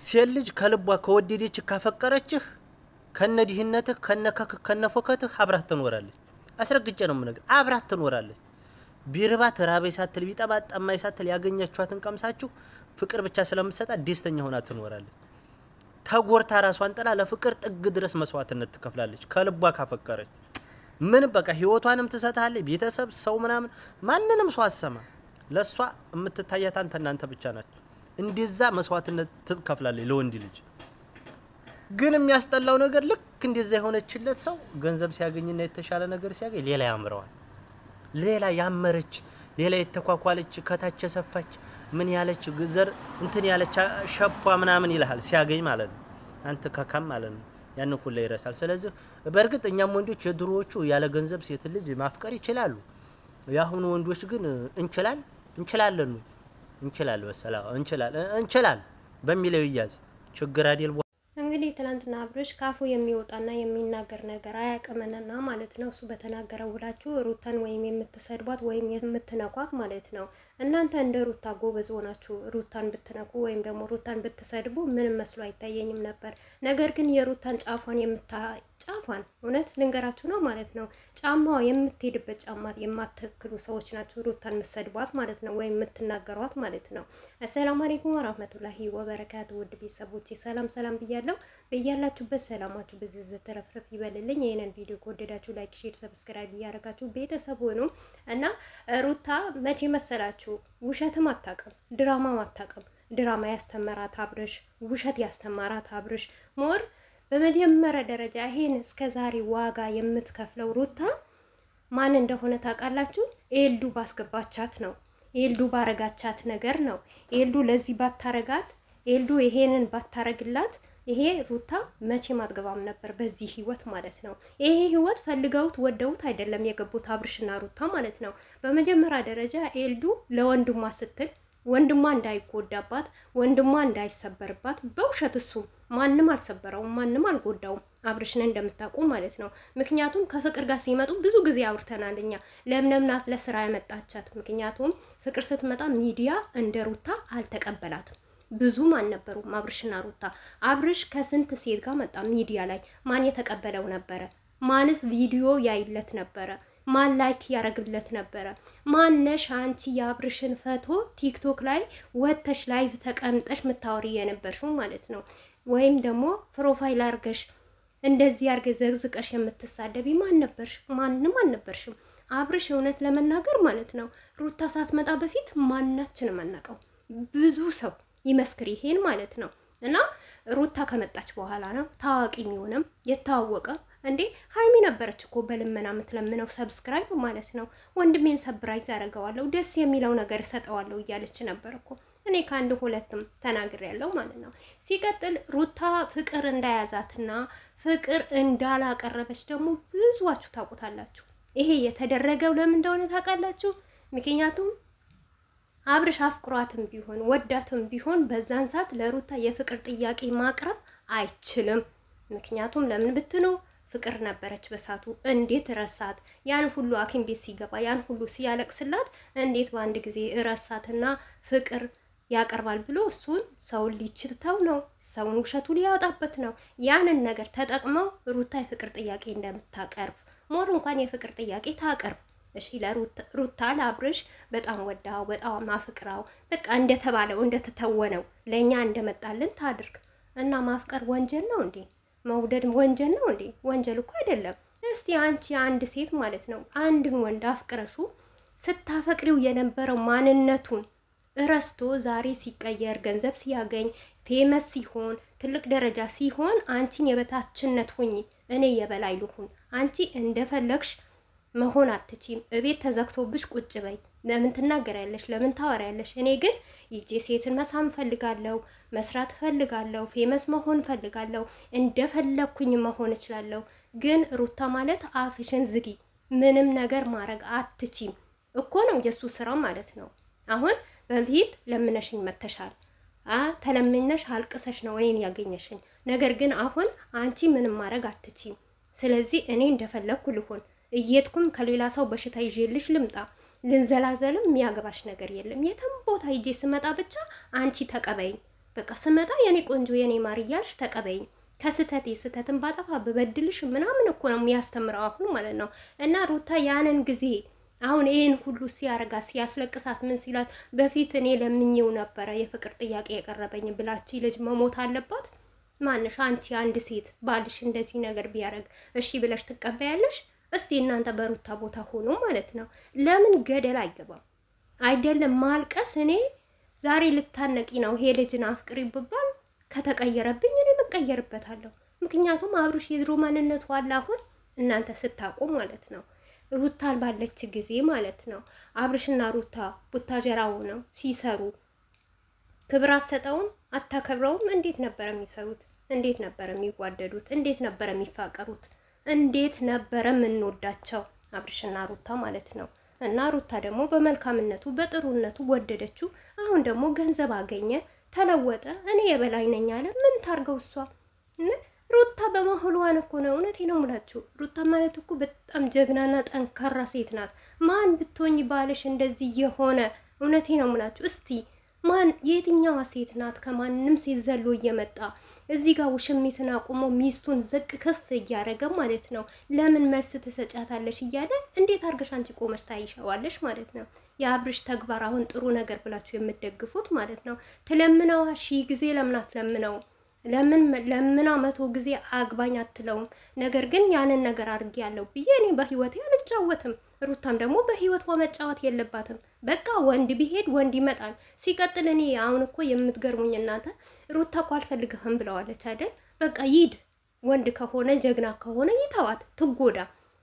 ሴት ልጅ ከልቧ ከወደደች ካፈቀረችህ ከነድህነትህ ከነ ከነፎከት አብራት ትኖራለች። አስረግጬ ነው የምነግርህ፣ አብራት ትኖራለች። ቢርባት ራበይ ሳትል ቢጠማት ጠማይ ሳትል ያገኛችኋትን ቀምሳችሁ ፍቅር ብቻ ስለምትሰጣት ደስተኛ ሆና ትኖራለች። ተጎርታ ራሷን ጥላ ለፍቅር ጥግ ድረስ መስዋዕትነት ትከፍላለች። ከልቧ ካፈቀረች ምን በቃ ህይወቷንም ትሰጣለች። ቤተሰብ፣ ሰው ምናምን ማንንም ሰው አሰማ ለእሷ የምትታያት አንተ እናንተ ብቻ ናቸው። እንደዛ መስዋዕትነት ትከፍላለች ለወንድ ልጅ። ግን የሚያስጠላው ነገር ልክ እንደዛ የሆነችለት ሰው ገንዘብ ሲያገኝና የተሻለ ነገር ሲያገኝ ሌላ ያምረዋል። ሌላ ያመረች፣ ሌላ የተኳኳለች፣ ከታች የሰፋች ምን ያለች ዘር እንትን ያለች ሸቧ ምናምን ይልሃል ሲያገኝ ማለት ነው። አንተ ከካም ማለት ነው። ያን ሁሉ ይረሳል። ስለዚህ በእርግጥ እኛም ወንዶች የድሮዎቹ ያለ ገንዘብ ሴት ልጅ ማፍቀር ይችላሉ። የአሁኑ ወንዶች ግን እንችላል እንችላለን ነው እንችላል በሰላ እንችላል እንችላል በሚለው ይያዝ ችግር አይደል። እንግዲህ ትናንትና አብርሽ ካፉ የሚወጣና የሚናገር ነገር አያቅምንና ማለት ነው። እሱ በተናገረ ውላችሁ ሩታን ወይም የምትሰድቧት ወይም የምትነኳት ማለት ነው። እናንተ እንደ ሩታ ጎበዝ ሆናችሁ ሩታን ብትነኩ ወይም ደግሞ ሩታን ብትሰድቡ ምንም መስሎ አይታየኝም ነበር። ነገር ግን የሩታን ጫፏን የምታ ጫፏን እውነት ልንገራችሁ ነው ማለት ነው። ጫማዋ የምትሄድበት ጫማ የማትክሉ ሰዎች ናቸው ሩታን መሰድቧት ማለት ነው፣ ወይም የምትናገሯት ማለት ነው። አሰላሙ አሌይኩም ወራህመቱላሂ ወበረካቱ። ውድ ቤተሰቦቼ ሰላም ሰላም ብያለሁ። በያላችሁበት ሰላማችሁ ብዝዝ ተረፍረፍ ይበልልኝ። ይህንን ቪዲዮ ከወደዳችሁ ላይክ፣ ሼር፣ ሰብስክራይብ እያደረጋችሁ ቤተሰብ ሆኑ እና ሩታ መቼ መሰላችሁ ውሸትም አታውቅም ድራማም አታውቅም። ድራማ ያስተመራት አብርሽ፣ ውሸት ያስተማራት አብርሽ ሞር በመጀመሪያ ደረጃ ይሄን እስከ ዛሬ ዋጋ የምትከፍለው ሩታ ማን እንደሆነ ታውቃላችሁ? ኤልዱ ባስገባቻት ነው። ኤልዱ ባረጋቻት ነገር ነው። ኤልዱ ለዚህ ባታረጋት፣ ኤልዱ ይሄንን ባታረግላት ይሄ ሩታ መቼ ማጥገባም ነበር በዚህ ህይወት ማለት ነው። ይሄ ህይወት ፈልገውት ወደውት አይደለም የገቡት አብርሽና ሩታ ማለት ነው። በመጀመሪያ ደረጃ ኤልዱ ለወንድሟ ስትል ወንድሟ እንዳይጎዳባት፣ ወንድሟ እንዳይሰበርባት። በውሸት እሱ ማንም አልሰበረውም፣ ማንም አልጎዳውም። አብርሽን እንደምታውቁ ማለት ነው። ምክንያቱም ከፍቅር ጋር ሲመጡ ብዙ ጊዜ አውርተናል እኛ። ለምለም ናት ለስራ ያመጣቻት። ምክንያቱም ፍቅር ስትመጣ ሚዲያ እንደ ሩታ አልተቀበላትም። ብዙም አልነበሩም አብርሽና ሩታ። አብርሽ ከስንት ሴት ጋር መጣ ሚዲያ ላይ። ማን የተቀበለው ነበረ? ማንስ ቪዲዮ ያይለት ነበረ? ማን ላይክ ያደረግለት ነበረ? ማነሽ አንቺ የአብርሽን ፈቶ ቲክቶክ ላይ ወተሽ ላይቭ ተቀምጠሽ ምታወሪ የነበርሽው ማለት ነው። ወይም ደግሞ ፕሮፋይል አርገሽ እንደዚህ አርገ ዘግዝቀሽ የምትሳደቢ ማን ነበርሽ? ማንም አልነበርሽም። አብርሽ እውነት ለመናገር ማለት ነው ሩታ ሳትመጣ በፊት ማናችንም አናውቀው ብዙ ሰው ይመስክር ይሄን ማለት ነው። እና ሩታ ከመጣች በኋላ ነው ታዋቂ የሚሆነም የታወቀ። እንዴ ሀይሚ ነበረች እኮ በልመና የምትለምነው ሰብስክራይብ ማለት ነው። ወንድሜን ሰብራይዝ አደርገዋለሁ፣ ደስ የሚለው ነገር እሰጠዋለሁ እያለች ነበር እኮ። እኔ ከአንድ ሁለትም ያለው ማለት ነው። ሲቀጥል ሩታ ፍቅር እንዳያዛትና ፍቅር እንዳላቀረበች ደግሞ ብዙዋችሁ ታውቁታላችሁ። ይሄ የተደረገው ለምን እንደሆነ ታውቃላችሁ። ምክንያቱም አብርሽ አፍቅሯትም ቢሆን ወዳትም ቢሆን በዛን ሰዓት ለሩታ የፍቅር ጥያቄ ማቅረብ አይችልም። ምክንያቱም ለምን ብትነው ፍቅር ነበረች በሳቱ እንዴት ረሳት? ያን ሁሉ ሐኪም ቤት ሲገባ ያን ሁሉ ሲያለቅስላት እንዴት በአንድ ጊዜ ረሳትና ፍቅር ያቀርባል ብሎ እሱን ሰውን ሊችተው ነው፣ ሰውን ውሸቱ ሊያወጣበት ነው። ያንን ነገር ተጠቅመው ሩታ የፍቅር ጥያቄ እንደምታቀርብ ሞር እንኳን የፍቅር ጥያቄ ታቀርብ እሺ ለሩታ ለአብርሽ በጣም ወዳው በጣም አፍቅራው በቃ እንደተባለው እንደተተወነው ለእኛ እንደመጣልን ታድርግ እና ማፍቀር ወንጀል ነው እንዴ? መውደድ ወንጀል ነው እንዴ? ወንጀል እኮ አይደለም። እስቲ አንቺ አንድ ሴት ማለት ነው አንድን ወንድ አፍቅረሹ ስታፈቅሪው የነበረው ማንነቱን እረስቶ ዛሬ ሲቀየር ገንዘብ ሲያገኝ ፌመስ ሲሆን ትልቅ ደረጃ ሲሆን አንቺን የበታችነት ሁኚ፣ እኔ የበላይ ልሁን፣ አንቺ እንደፈለግሽ መሆን አትችም። እቤት ተዘግቶብሽ ቁጭ በይ። ለምን ትናገሪያለሽ? ለምን ታወሪያለሽ? እኔ ግን ይጄ ሴትን መሳም ፈልጋለሁ፣ መስራት ፈልጋለሁ፣ ፌመስ መሆን ፈልጋለሁ፣ እንደፈለግኩኝ መሆን እችላለሁ። ግን ሩታ ማለት አፍሽን ዝጊ፣ ምንም ነገር ማድረግ አትችም እኮ ነው የእሱ ስራ ማለት ነው። አሁን በፊት ለምነሽኝ መተሻል ተለምነሽ አልቅሰሽ ነው እኔን ያገኘሽኝ። ነገር ግን አሁን አንቺ ምንም ማድረግ አትችም። ስለዚህ እኔ እንደፈለግኩ ልሆን እየትኩም ከሌላ ሰው በሽታ ይዤልሽ ልምጣ ልንዘላዘልም የሚያገባሽ ነገር የለም። የትም ቦታ ሂጄ ስመጣ ብቻ አንቺ ተቀበይኝ። በቃ ስመጣ የኔ ቆንጆ የኔ ማር እያልሽ ተቀበይኝ። ከስተቴ ስተትን ባጠፋ በበድልሽ ምናምን እኮ ነው የሚያስተምረው አሁን ማለት ነው። እና ሩታ ያንን ጊዜ አሁን ይህን ሁሉ ሲያረጋ ሲያስለቅሳት ምን ሲላት በፊት እኔ ለምኜው ነበረ የፍቅር ጥያቄ የቀረበኝ ብላች ልጅ መሞት አለባት። ማንሽ አንቺ አንድ ሴት ባልሽ እንደዚህ ነገር ቢያደርግ እሺ ብለሽ ትቀበያለሽ? እስቲ እናንተ በሩታ ቦታ ሆኖ ማለት ነው ለምን ገደል አይገባም? አይደለም ማልቀስ። እኔ ዛሬ ልታነቂ ነው ይሄ ልጅን አፍቅሪ ብባል ከተቀየረብኝ እኔ መቀየርበታለሁ። ምክንያቱም አብርሽ የድሮ ማንነቱ አለ አሁን እናንተ ስታቁ ማለት ነው ሩታን ባለች ጊዜ ማለት ነው አብርሽና ሩታ ቡታጀራው ነው ሲሰሩ ክብር አትሰጠውም፣ አታከብረውም። እንዴት ነበር የሚሰሩት? እንዴት ነበር የሚጓደዱት እንዴት ነበር የሚፋቀሩት? እንዴት ነበረ የምንወዳቸው አብርሽና ሩታ ማለት ነው። እና ሩታ ደግሞ በመልካምነቱ በጥሩነቱ ወደደችው። አሁን ደግሞ ገንዘብ አገኘ፣ ተለወጠ፣ እኔ የበላይ ነኝ አለ። ምን ታርገው እሷ ሩታ በመሆኗን እኮ ነው። እውነቴ ነው ሙላችሁ። ሩታ ማለት እኮ በጣም ጀግናና ጠንካራ ሴት ናት። ማን ብትሆኝ ባልሽ እንደዚህ የሆነ እውነቴ ነው ሙላችሁ። እስቲ ማን የትኛዋ ሴት ናት ከማንም ሴት ዘሎ እየመጣ እዚህ ጋር ውሽሚትን አቁሞ ሚስቱን ዝቅ ከፍ እያደረገ ማለት ነው። ለምን መልስ ትሰጫታለሽ እያለ እንዴት አርገሽ አንቺ ቆመች ታይሸዋለሽ ማለት ነው። የአብርሽ ተግባር አሁን ጥሩ ነገር ብላችሁ የምትደግፉት ማለት ነው። ትለምነዋ ሺህ ጊዜ ለምን አትለምነው? ለምን ለምን መቶ ጊዜ አግባኝ አትለውም? ነገር ግን ያንን ነገር አድርጌ ያለው ብዬ እኔ በህይወቴ አልጫወትም። ሩታም ደግሞ በህይወቷ መጫወት የለባትም። በቃ ወንድ ቢሄድ ወንድ ይመጣል። ሲቀጥል እኔ አሁን እኮ የምትገርሙኝ እናንተ ሩታ እኮ አልፈልግህም ብለዋለች አይደል? በቃ ይድ ወንድ ከሆነ ጀግና ከሆነ ይተዋት ትጎዳ።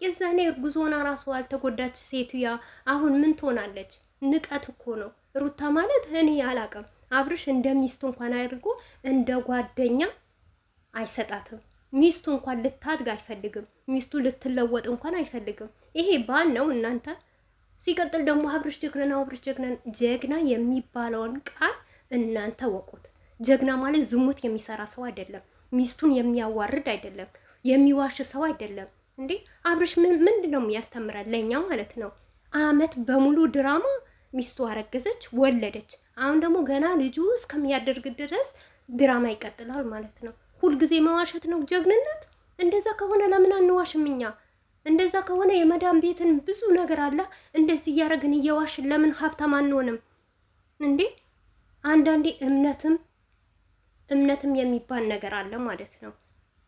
የዛኔ እርጉዞና ራሷ አልተጎዳች ሴትያ አሁን ምን ትሆናለች? ንቀት እኮ ነው ሩታ ማለት እኔ አላቅም አብርሽ እንደ ሚስቱ እንኳን አድርጎ እንደ ጓደኛ አይሰጣትም። ሚስቱ እንኳን ልታድግ አይፈልግም። ሚስቱ ልትለወጥ እንኳን አይፈልግም። ይሄ ባል ነው እናንተ። ሲቀጥል ደግሞ አብርሽ ጀግና፣ አብርሽ ጀግና። ጀግና የሚባለውን ቃል እናንተ ወቁት። ጀግና ማለት ዝሙት የሚሰራ ሰው አይደለም። ሚስቱን የሚያዋርድ አይደለም። የሚዋሽ ሰው አይደለም። እንዴ አብርሽ ምን ምንድን ነው የሚያስተምረን ለእኛ ማለት ነው? አመት በሙሉ ድራማ ሚስቱ አረገዘች፣ ወለደች። አሁን ደግሞ ገና ልጁ እስከሚያደርግ ድረስ ድራማ ይቀጥላል ማለት ነው። ሁልጊዜ መዋሸት ነው ጀግንነት? እንደዛ ከሆነ ለምን አንዋሽም እኛ? እንደዛ ከሆነ የመዳን ቤትን ብዙ ነገር አለ። እንደዚህ እያደረግን እየዋሽን ለምን ሀብታም አንሆንም እንዴ? አንዳንዴ እምነትም እምነትም የሚባል ነገር አለ ማለት ነው።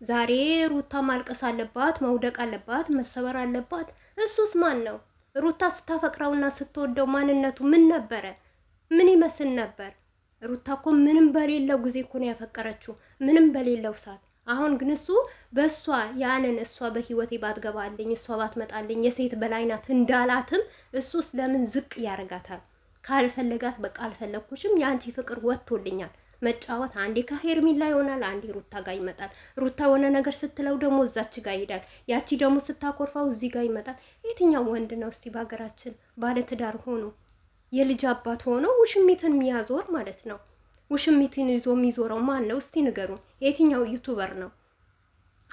ዛሬ ሩታ ማልቀስ አለባት፣ መውደቅ አለባት፣ መሰበር አለባት። እሱስ ማን ነው? ሩታ ስታፈቅረውና ስትወደው ማንነቱ ምን ነበረ? ምን ይመስል ነበር? ሩታ እኮ ምንም በሌለው ጊዜ እኮ ነው ያፈቀረችው፣ ምንም በሌለው ሰዓት። አሁን ግን እሱ በእሷ ያንን እሷ በህይወቴ ባትገባልኝ፣ እሷ ባትመጣልኝ የሴት በላይ ናት እንዳላትም እሱስ ለምን ዝቅ ያደርጋታል? ካልፈለጋት በቃ አልፈለግኩሽም፣ የአንቺ ፍቅር ወጥቶልኛል መጫወት። አንዴ ከሄርሚላ ይሆናል፣ አንዴ ሩታ ጋር ይመጣል። ሩታ የሆነ ነገር ስትለው ደግሞ እዛች ጋር ይሄዳል። ያቺ ደግሞ ስታኮርፋው እዚህ ጋር ይመጣል። የትኛው ወንድ ነው እስቲ በሀገራችን ባለትዳር ሆኖ የልጅ አባት ሆኖ ውሽሚትን የሚያዞር ማለት ነው? ውሽሚትን ይዞ የሚዞረው ማን ነው እስቲ ንገሩን። የትኛው ዩቱበር ነው?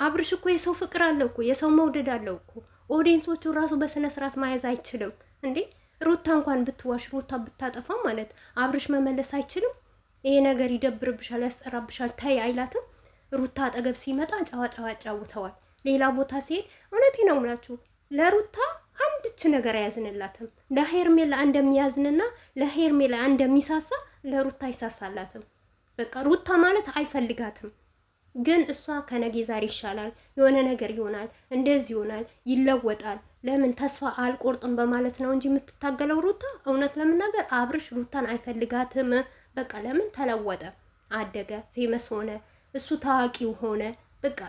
አብርሽ እኮ የሰው ፍቅር አለው እኮ የሰው መውደድ አለው እኮ። ኦዲየንሶቹ ራሱ በስነ ስርዓት መያዝ አይችልም እንዴ? ሩታ እንኳን ብትዋሽ ሩታ ብታጠፋ ማለት አብርሽ መመለስ አይችልም። ይሄ ነገር ይደብርብሻል፣ ያስጠራብሻል፣ ታይ አይላትም። ሩታ አጠገብ ሲመጣ ጨዋ ጨዋ ጫውተዋል። ሌላ ቦታ ሲሄድ እውነቴ ነው የምላችሁ ለሩታ አንድች ነገር አያዝንላትም። ለሄርሜላ እንደሚያዝንና ለሄርሜላ እንደሚሳሳ ለሩታ አይሳሳላትም። በቃ ሩታ ማለት አይፈልጋትም። ግን እሷ ከነገ ዛሬ ይሻላል፣ የሆነ ነገር ይሆናል፣ እንደዚህ ይሆናል፣ ይለወጣል፣ ለምን ተስፋ አልቆርጥም በማለት ነው እንጂ የምትታገለው ሩታ። እውነት ለመናገር አብርሽ ሩታን አይፈልጋትም። በቃ ለምን ተለወጠ፣ አደገ፣ ፌመስ ሆነ፣ እሱ ታዋቂው ሆነ። በቃ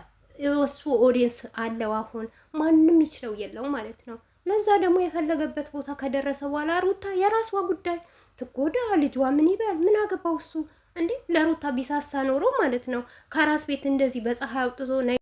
እሱ ኦዲየንስ አለው። አሁን ማንም ይችለው የለው ማለት ነው። ለዛ ደግሞ የፈለገበት ቦታ ከደረሰ በኋላ ሩታ የራሷ ጉዳይ ትጎዳ፣ ልጇ ምን ይበል፣ ምን አገባው እሱ እንዴ። ለሩታ ቢሳሳ ኖሮ ማለት ነው ከራስ ቤት እንደዚህ በፀሐይ አውጥቶ